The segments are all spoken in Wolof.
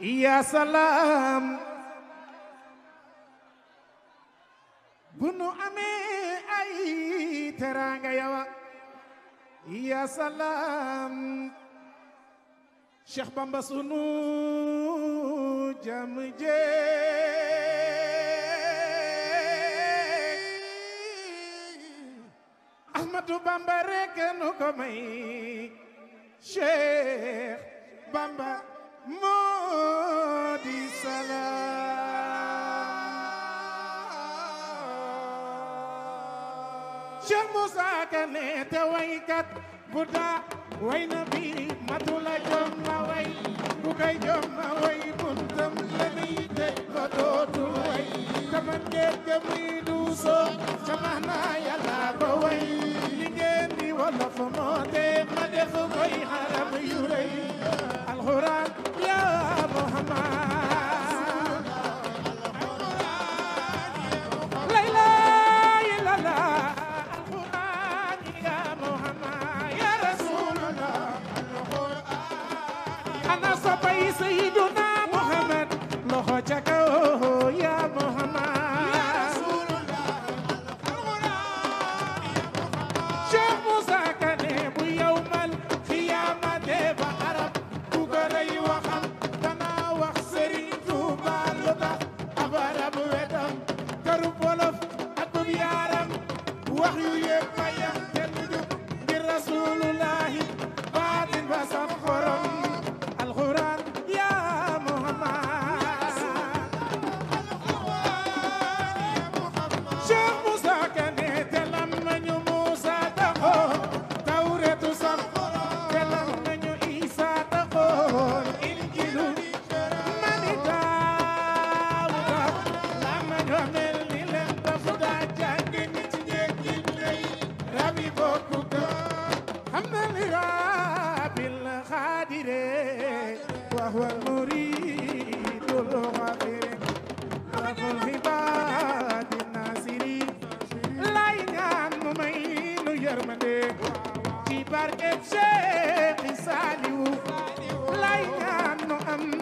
ya salaam bu nu amee ay teraanga yawa ya salaam Cheikh Bamba sunu jam jeey Ahmadu Bamba rekk nu ko may Cheikh Bamba moo Cheikh Moussa Kane te waykat bu daa way na bi matula jom ma way bu kay ma way buntam la nuy dootul way kaman ngeen ga muy duusoo ca max naa way li ngeen di wolof moo nossa país e do الغاب القادر وهو المريد الغفير رب العباد الناصري لا ينام ممين يرمدي في بركة شيخ ساليو لا ينام أم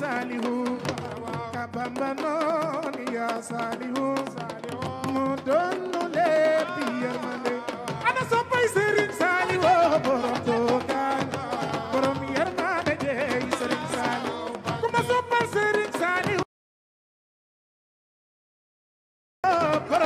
ساليو كبابا يا ساليو مدن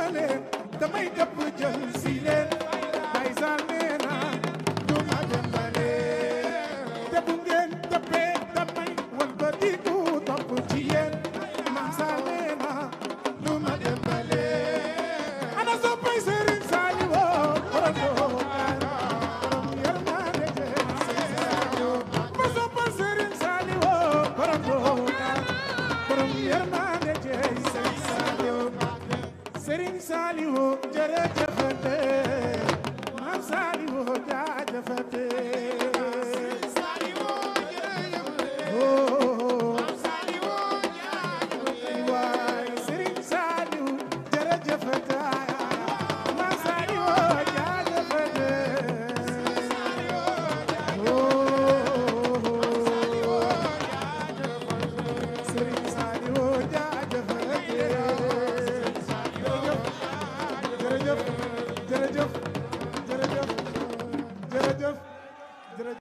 ma leen damay dëpp jël si leen may sal leen sëriñ Saalihu jërëjëfate maam Saalihu jaajëfate